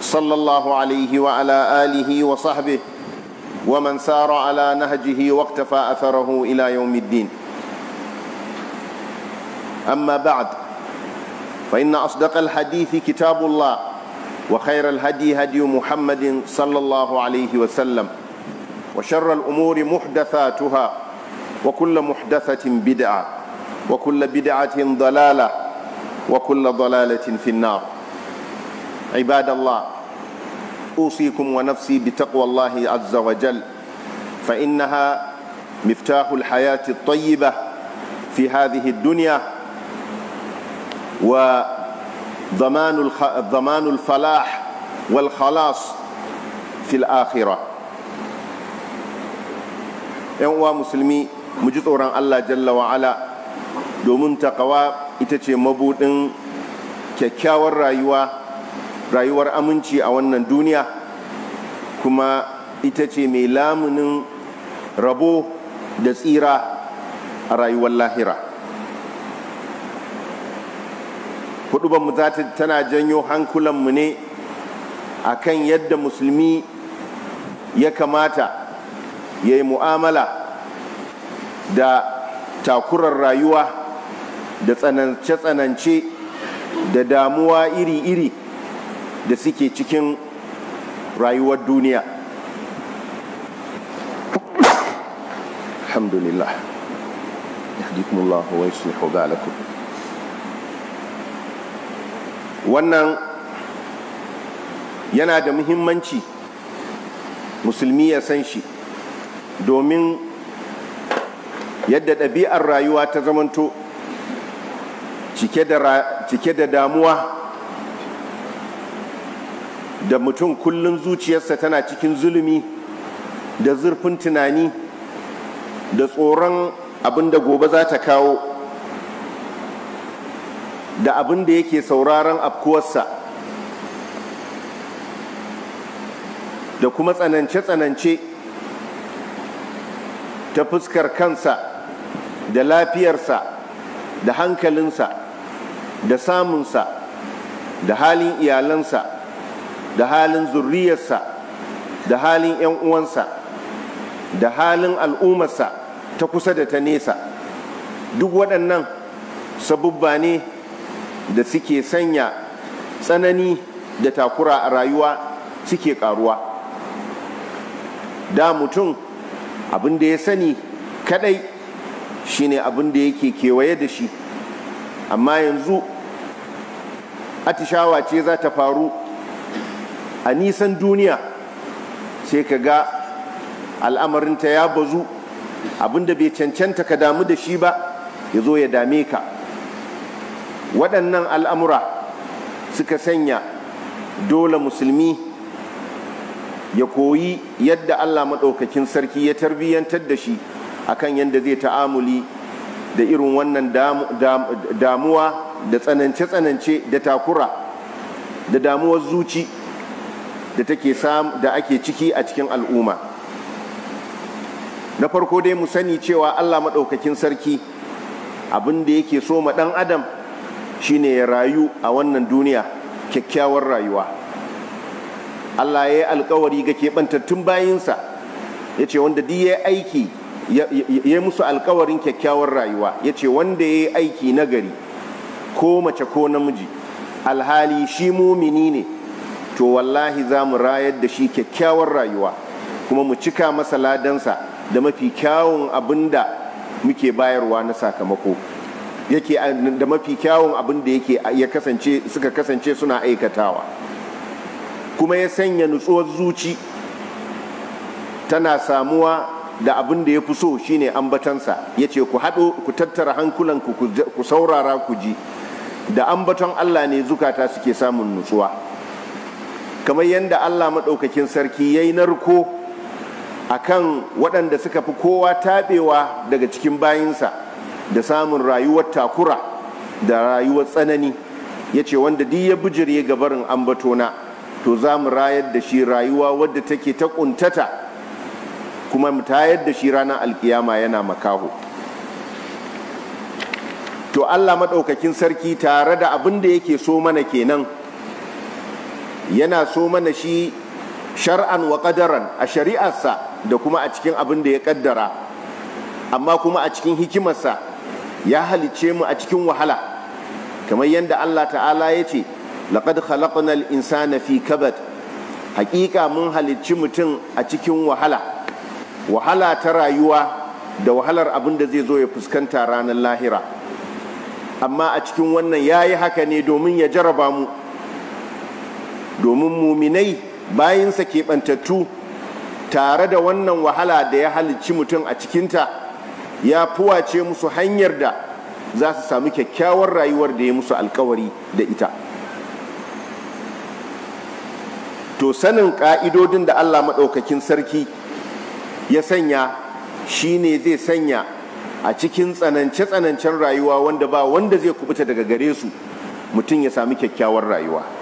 صلى الله عليه وعلى آله وصحبه ومن سار على نهجه واقتفى أثره إلى يوم الدين أما بعد فإن أصدق الحديث كتاب الله وخير الهدي هدي محمد صلى الله عليه وسلم وشر الأمور محدثاتها وكل محدثة بدعة وكل بدعة ضلالة وكل ضلالة في النار عباد الله أوصيكم ونفسي بتقوى الله عز وجل فإنها مفتاح الحياة الطيبة في هذه الدنيا وضمان الخ... ضمان الفلاح والخلاص في الآخرة uwa musulmi mu الله جل وعلا دومنت wa'ala إتتي takawa ita ce mabuɗin rayuwar aminci a wannan duniya kuma ita ce mai lamunin rabo da tsira a rayuwar lahira hudubanmu mu tana janyo hankulanmu ne a kan yadda musulmi ya kamata ya yi mu'amala da takurar rayuwa da tsanance-tsanance da damuwa iri-iri da suke cikin rayuwar duniya alhamdulillah yahdikumullahu wa yuslihu wannan yana da muhimmanci musulmi ya san shi domin yadda ɗabi'ar rayuwa ta zamanto cike da damuwa da mutum kullum zuciyarsa tana cikin zulumi da zurfin tunani da tsoron abin da gobe za ta kawo da abin da yake sauraron afkuwarsa da kuma tsanance-tsanance ta fuskar kansa da lafiyarsa da hankalinsa da samunsa da halin iyalansa da halin zurriyarsa da halin 'yan uwansa da halin al'ummarsa ta kusa da ta nesa duk waɗannan sabubba ne da suke sanya tsanani da takura a rayuwa suke karuwa da mutum abin da ya sani kadai shine abin da yake kewaye da shi amma yanzu atishawa ce za ta faru a nisan duniya sai ka ga al'amarinta ya bazu abinda bai cancanta ka damu da shi ba ya zo ya dame ka waɗannan al'amura suka sanya dole musulmi ya koyi yadda allah maɗaukakin sarki ya tarbiyyantar da shi a kan yadda zai ta'amuli da irin wannan damuwa da tsanance-tsanance da takura da damuwar zuci da take samu da ake ciki a cikin al'umma na farko dai mu sani cewa Allah maɗaukakin sarki abin da yake so ma ɗan adam shine ya rayu a wannan duniya kyakkyawar rayuwa Allah ya yi alkawari ga keɓantattun bayinsa ya ce wanda duk ya yi aiki ya musu alkawarin kyakkyawar rayuwa ya ce wanda ya yi aiki nagari ko mace ko namiji alhali shi mumini ne to wallahi za mu rayar da shi kyakkyawar rayuwa kuma mu cika masaladansa ladansa da mafi kyawun abin da muke bayarwa na sakamako da mafi kyawun abin da kasance suka kasance suna aikatawa kuma ya sanya nutsuwar zuci tana samuwa da abin da ya fi so shine ambatansa ya ce ku haɗo ku tattara hankulanku ku saurara ku ji da ambaton Allah ne zukata suke samun nutsuwa kamar yadda Allah maɗaukakin sarki ya yi narko a kan waɗanda suka fi kowa taɓewa daga cikin bayinsa da samun rayuwar takura da rayuwar tsanani ya ce wanda duk ya bijire gabarin ambatona to za mu rayar da shi rayuwa wadda take ta ƙuntata kuma mu tayar da shi ranar alkiyama yana makaho to Allah maɗaukakin sarki tare da abin da yake so mana kenan yana so mana shi shar'an wa ƙadaran a shari'arsa da kuma a cikin abin da ya ƙaddara amma kuma a cikin hikimarsa ya halice mu a cikin wahala kamar yadda Allah ta'ala ya ce laƙad khalaqnal insana fi kabad haƙiƙa mun halicci mutum a cikin wahala wahala ta rayuwa da wahalar abin da zai zo ya fuskanta ranar lahira amma a cikin wannan ya yi haka ne domin ya jaraba mu domin muminai bayinsa keɓantattu tare da wannan wahala da ya halicci mutum a cikinta ya fuwace musu hanyar da za su samu kyakkyawar rayuwar da ya musu alkawari da ita to sanin ƙa'idodin da allah maɗaukakin sarki ya sanya shi ne zai sanya a cikin tsanance-tsanancen rayuwa wanda ba wanda zai kubuta daga gare su mutum ya sami kyakkyawar rayuwa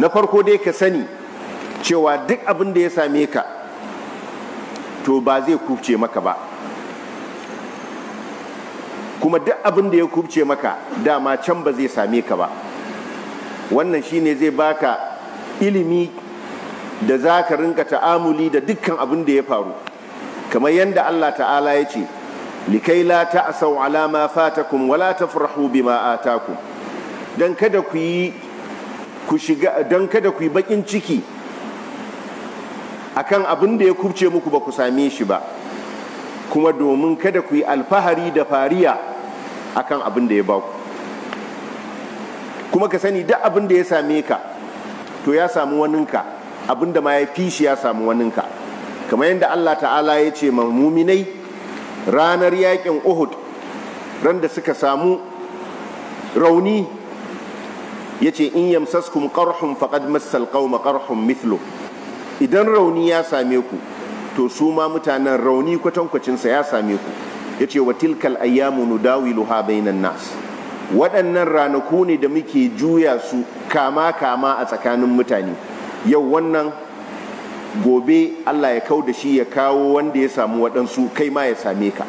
na farko dai ka sani cewa duk abin da ya same ka to ba zai kubce maka ba kuma duk abin da ya kubce maka dama can ba zai same ka ba wannan shine zai baka ilimi da za ka rinka ta'amuli da dukkan abin da ya faru kamar yadda Allah ta'ala ya ce likai la ta'asau ala ma fatakum wala tafrahu bima atakum dan kada ku yi ku shiga don kada ku yi bakin ciki akan abin da ya kubce muku ba ku same shi ba kuma domin kada ku yi alfahari da fariya a kan abin da ya ba ku kuma ka sani duk abin da ya same ka to ya samu waninka abin da ma ya fi shi ya samu waninka kamar yadda Allah ta'ala ya ce ma muminai ranar yakin Uhud randa suka samu rauni yace in yamsaskum qarhun faqad massal qauma qarhun mithlu idan rauni ya same ku to su ma mutanen rauni kwatankwacinsa ya same ku yace wa tilkal ayyamu nudawiluha bainan nas waɗannan ranaku ne da muke juya su kama kama a tsakanin mutane yau wannan gobe Allah ya kau da shi ya kawo wanda ya samu waɗansu kai ma ya same ka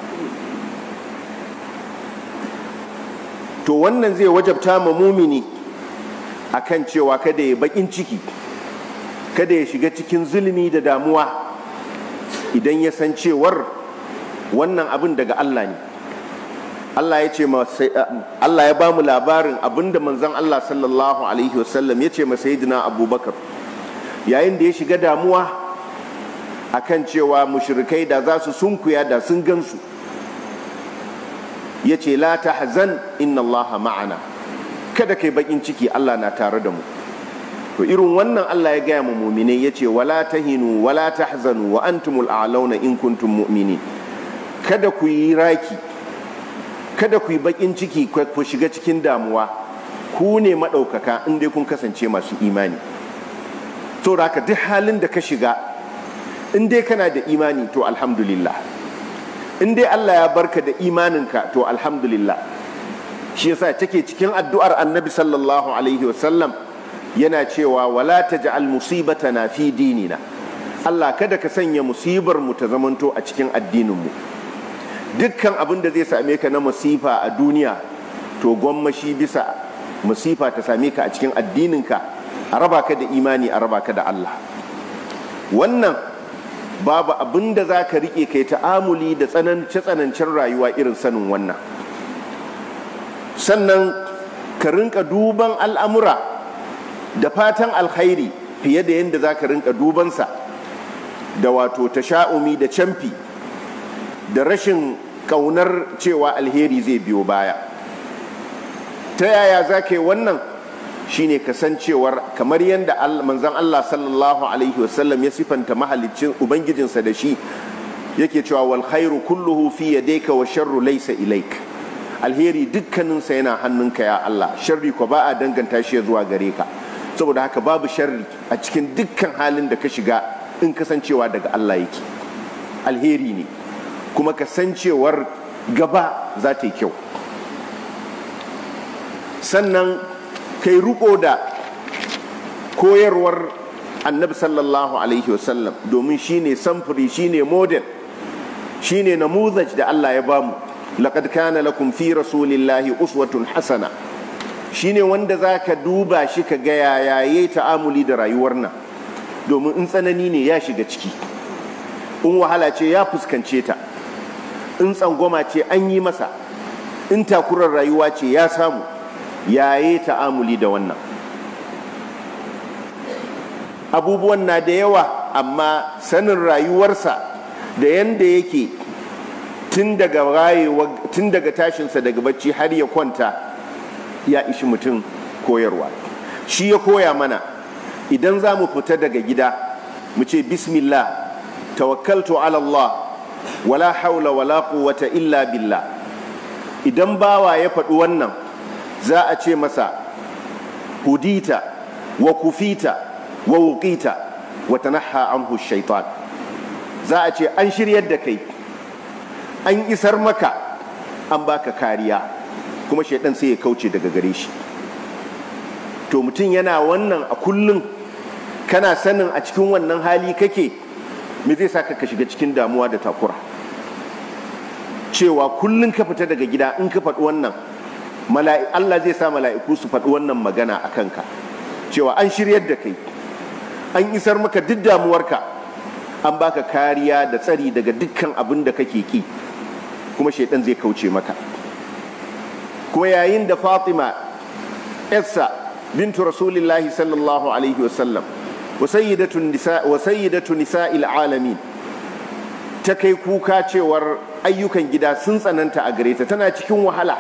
to wannan zai wajabta ma mumini A kan cewa kada ya bakin ciki kada ya shiga cikin zulmi da damuwa idan ya san cewar wannan abin daga Allah ne Allah ya ce Allah ya bamu labarin da manzon Allah sallallahu alaihi wasallam ya ce masayidina Abubakar yayin da ya shiga damuwa a kan cewa mushrikai da za su sunkuya da sun gansu ya ce la hazan inna Allah ma'ana kada kai bakin ciki Allah na tare da mu to irin wannan Allah ya gaya ma mu'minai yace wala tahinu wala tahzanu wa antumul a'launa in kuntum mu'minin kada ku yi raki kada ku yi bakin ciki ku shiga cikin damuwa ku ne maɗaukaka in dai kun kasance masu imani to duk halin da ka shiga in dai kana da imani to alhamdulillah in dai Allah ya barka da imaninka to alhamdulillah shi yasa take cikin addu'ar annabi sallallahu alaihi wasallam yana cewa wala taj'al na fi dinina Allah kada ka sanya musibar mu ta zamanto a cikin addinin mu dukkan abin da zai same ka na masifa a duniya to gwammashi bisa masifa ta same ka a cikin addinin ka a raba ka da imani a raba ka da Allah wannan babu abin da za ka riƙe kai ta'amuli da tsanance-tsanancen rayuwa irin sanin wannan sannan ka rinka duban al'amura da fatan alkhairi fiye da yadda za ka rinka dubansa da wato ta sha'umi da camfi da rashin ƙaunar cewa alheri zai biyo baya ta yaya za ka yi wannan shine kasancewar kamar yadda manzan Allah sallallahu alaihi wasallam ya siffanta mahalicin ubangijinsa da shi yake cewa walhairu khairu kulluhu fi daika wa sharru laisa ilaik alheri dukkaninsa yana hannunka ya Allah sharri ko ba a danganta shi zuwa gare ka saboda haka babu sharri a cikin dukkan halin da ka shiga in kasancewa daga Allah yake alheri ne kuma kasancewar gaba za ta yi kyau sannan kai ruko da koyarwar annabi sallallahu alaihi wasallam domin shine samfuri shine model shine namuzaj da Allah ya bamu Laƙad kana kun fi rasulillahi uswatun hasana shine wanda zaka duba shi ka gaya yaye yayi ta'amuli da rayuwar nan domin in tsanani ne ya shiga ciki in wahala ce ya fuskance ta in tsangwama ce an yi masa in takurar rayuwa ce ya samu yaye ta'amuli da wannan abubuwan na da yawa amma sanin rayuwarsa da yanda yake tun daga rayuwa tun daga tashinsa daga bacci har ya kwanta ya ishi mutum koyarwa shi ya koya mana idan za mu fita daga gida mu ce bismillah tawakkaltu ala Allah wala haula wala quwwata illa billah idan bawa ya faɗi wannan za a ce masa hudita wa kufita wa wuqita wa tanahha anhu shaitan za a ce an shiryar da kai an isar maka an baka kariya kuma shaidan sai ya kauce daga gare shi to mutum yana wannan a kullum kana sanin a cikin wannan hali kake me zai saka ka shiga cikin damuwa da takura cewa kullum ka fita daga gida in ka faɗi wannan Allah zai sa mala'iku su faɗi wannan magana a kanka cewa an shiryar da kai an isar maka duk damuwarka an baka kariya da tsari daga dukkan abin da kake ki kuma shaidan zai kauce maka kuma yayin da fatima yarsa bintu rasulillahi sallallahu alaihi wasallam wa sayyidatu nisa'il alamin ta kai kuka cewar ayyukan gida sun tsananta a gare ta tana cikin wahala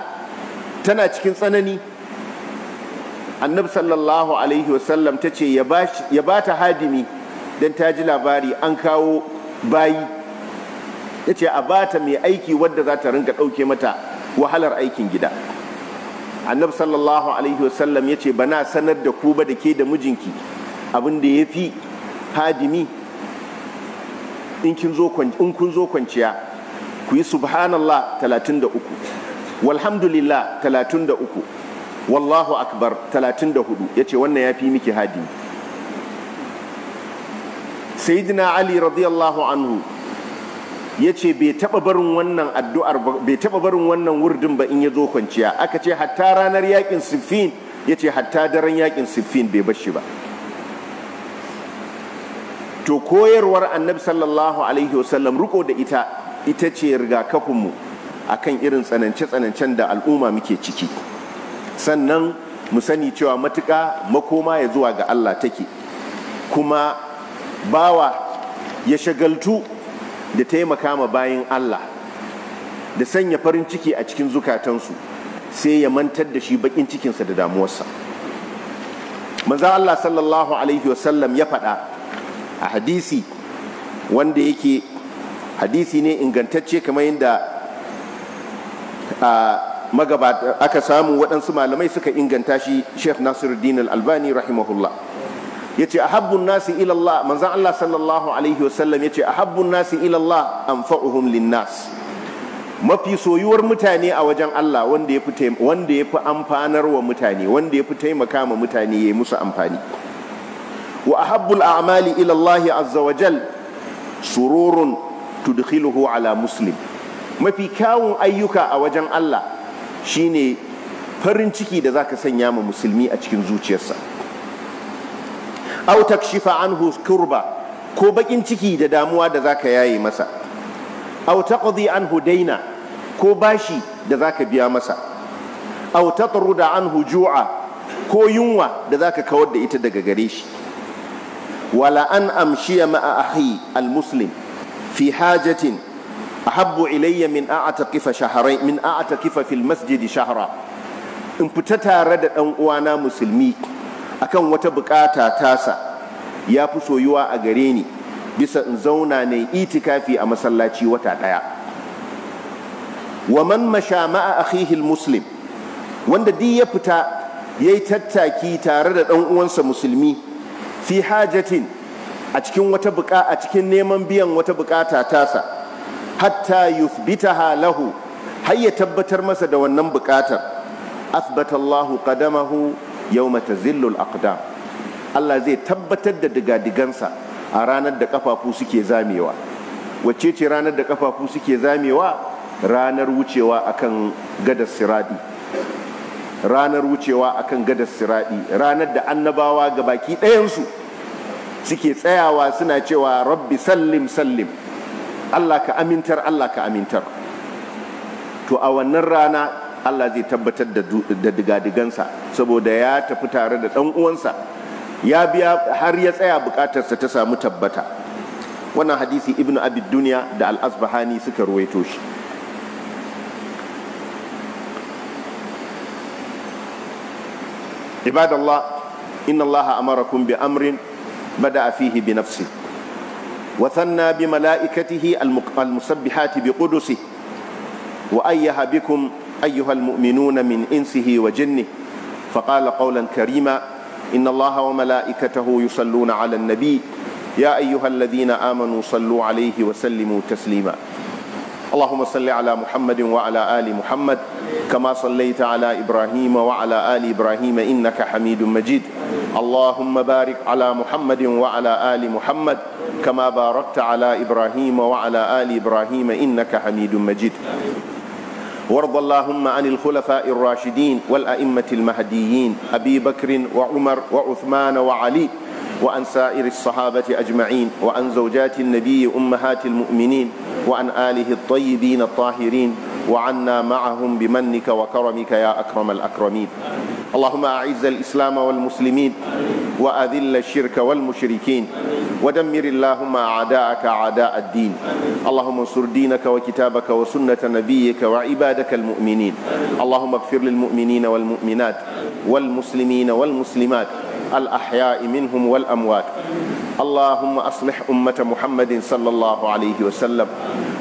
tana cikin tsanani annab sallallahu alaihi wasallam ta ce ya ba ta hadimi don ta ji labari an kawo bayi ya ce a bata mai aiki wadda za ta ringa ɗauke mata wahalar aikin gida annabi sallallahu alaihi wasallam ya ce bana sanar da ku ba da ke da mijinki abinda da ya fi hadimi in kun zo kwanciya ku yi subhanallah 33 walhamdulillah 33 wallahu akbar 34 ya ce wannan ya fi miki hadimi sayyidina ali radiyallahu anhu ya ce bai taɓa barin wannan addu'ar bai taɓa barin wannan wurdin ba in ya zo kwanciya aka ce hatta ranar yakin siffin ya ce hatta daren yakin siffin bai bashi ba to koyarwar annabi sallallahu alaihi wasallam riko da ita ita ce rigakafinmu a kan irin tsanance-tsanancen da al'umma muke ciki sannan mu sani cewa matuka makoma ya zuwa ga allah take kuma bawa ya shagaltu da taimaka ma bayan Allah da sanya farin ciki a cikin zukatansu sai ya mantar da shi bakin cikinsa da damuwarsa Maza Allah sallallahu alaihi wasallam ya faɗa a hadisi wanda yake hadisi ne ingantacce kamar yadda magaba aka samu waɗansu malamai suka inganta shi Sheikh Nasiruddin Al-Albani rahimahullah yace ahabbun nasi ila Allah Allah sallallahu alaihi wasallam yace ahabbun nasi ila Allah anfa'uhum linnas mafi soyuwar mutane a wajen Allah wanda yafi wanda yafi amfanar wa mutane wanda yafi taimaka ma mutane yayi musu amfani wa ahabbul a'mali ilallahi azza wa jal sururun tudkhiluhu ala muslim mafi kyawun ayyuka a wajen Allah shine farin ciki da zaka sanya ma musulmi a cikin zuciyarsa aw takshifa anhu kurba ko bakin ciki da damuwa da zaka yaye masa aw taqdi anhu daina ko bashi da zaka biya masa aw tatruda anhu ju'a ko yunwa da zaka kawar da ita daga gare shi wala an amshiya ma'a ahi almuslim fi hajatin ahabbu ilayya min a'taqifa min a'taqifa fil masjidi shahra in fita tare da ɗan uwana musulmi akan wata bukata tasa ya fi soyuwa a gare ni bisa in zauna ne itikafi a masallaci wata ɗaya wa man masha ma'a akhihi muslim wanda duk ya fita yayi tattaki tare da ɗan uwansa musulmi fi hajatin a cikin wata buka a cikin neman biyan wata bukata tasa hatta yuthbitaha lahu har ya tabbatar masa da wannan bukatar asbata Allahu qadamahu yau tazillu zillul aqdam Allah zai tabbatar da digadigansa a ranar da kafafu suke zamewa wacce ce ranar da kafafu suke zamewa ranar wucewa akan gadar siradi ranar wucewa akan gadar siradi ranar da annabawa ga baki ɗayansu suke tsayawa suna cewa rabbi sallim sallim Allah ka amintar Allah ka amintar to a wannan rana Allah zai tabbatar da digadigansa saboda ya tafi tare da ɗan uwansa ya biya har ya tsaya bukatarsa ta samu tabbata wannan hadisi ibnu abid duniya da al-asbahani suka ruwaito shi ibadallah inna allaha amarakum bi amrin bada fihi bi nafsi wa thanna bi malaikatihi al-musabbihati bi qudusi wa ayyaha bikum أيها المؤمنون من إنسه وجنه فقال قولا كريما إن الله وملائكته يصلون على النبي يا أيها الذين آمنوا صلوا عليه وسلموا تسليما اللهم صل على محمد وعلى آل محمد كما صليت على إبراهيم وعلى آل إبراهيم إنك حميد مجيد اللهم بارك على محمد وعلى آل محمد كما باركت على إبراهيم وعلى آل إبراهيم إنك حميد مجيد وارض اللهم عن الخلفاء الراشدين والأئمة المهديين أبي بكر وعمر وعثمان وعلي وعن سائر الصحابة أجمعين وعن زوجات النبي أمهات المؤمنين وعن آله الطيبين الطاهرين وعنا معهم بمنك وكرمك يا أكرم الأكرمين اللهم أعز الإسلام والمسلمين وأذل الشرك والمشركين ودمر اللهم أعداءك أعداء الدين اللهم انصر دينك وكتابك وسنة نبيك وعبادك المؤمنين اللهم اغفر للمؤمنين والمؤمنات والمسلمين والمسلمات الأحياء منهم والأموات اللهم أصلح أمة محمد صلى الله عليه وسلم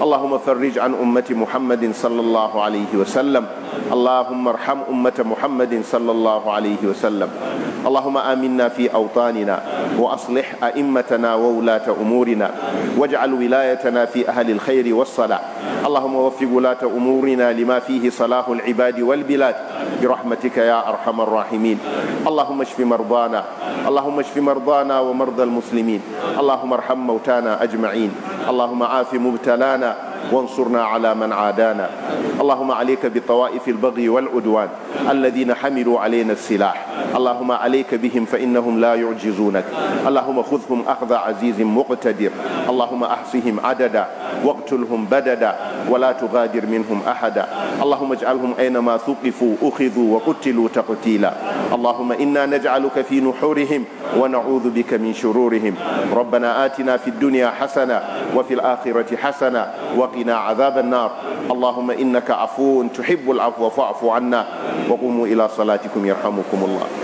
اللهم فرج عن أمة محمد صلى الله عليه وسلم اللهم ارحم أمة محمد صلى الله عليه وسلم اللهم آمنا في أوطاننا وأصلح أئمتنا وولاة أمورنا واجعل ولايتنا في أهل الخير والصلاح اللهم وفق ولاة أمورنا لما فيه صلاح العباد والبلاد برحمتك يا أرحم الراحمين اللهم اشف مرضانا اللهم اشف مرضانا ومرضى المسلمين اللهم ارحم موتانا أجمعين اللهم عاف مبتلانا وانصرنا على من عادانا اللهم عليك بطوائف البغي والعدوان الذين حملوا علينا السلاح اللهم عليك بهم فإنهم لا يعجزونك اللهم خذهم أخذ عزيز مقتدر اللهم أحصهم عددا واقتلهم بددا ولا تغادر منهم أحدا اللهم اجعلهم أينما ثقفوا أخذوا وقتلوا تقتيلا اللهم إنا نجعلك في نحورهم ونعوذ بك من شرورهم ربنا آتنا في الدنيا حسنة وفي الآخرة حسنة وقنا عذاب النار اللهم إنك عفو تحب العفو فاعف عنا وقوموا إلى صلاتكم يرحمكم الله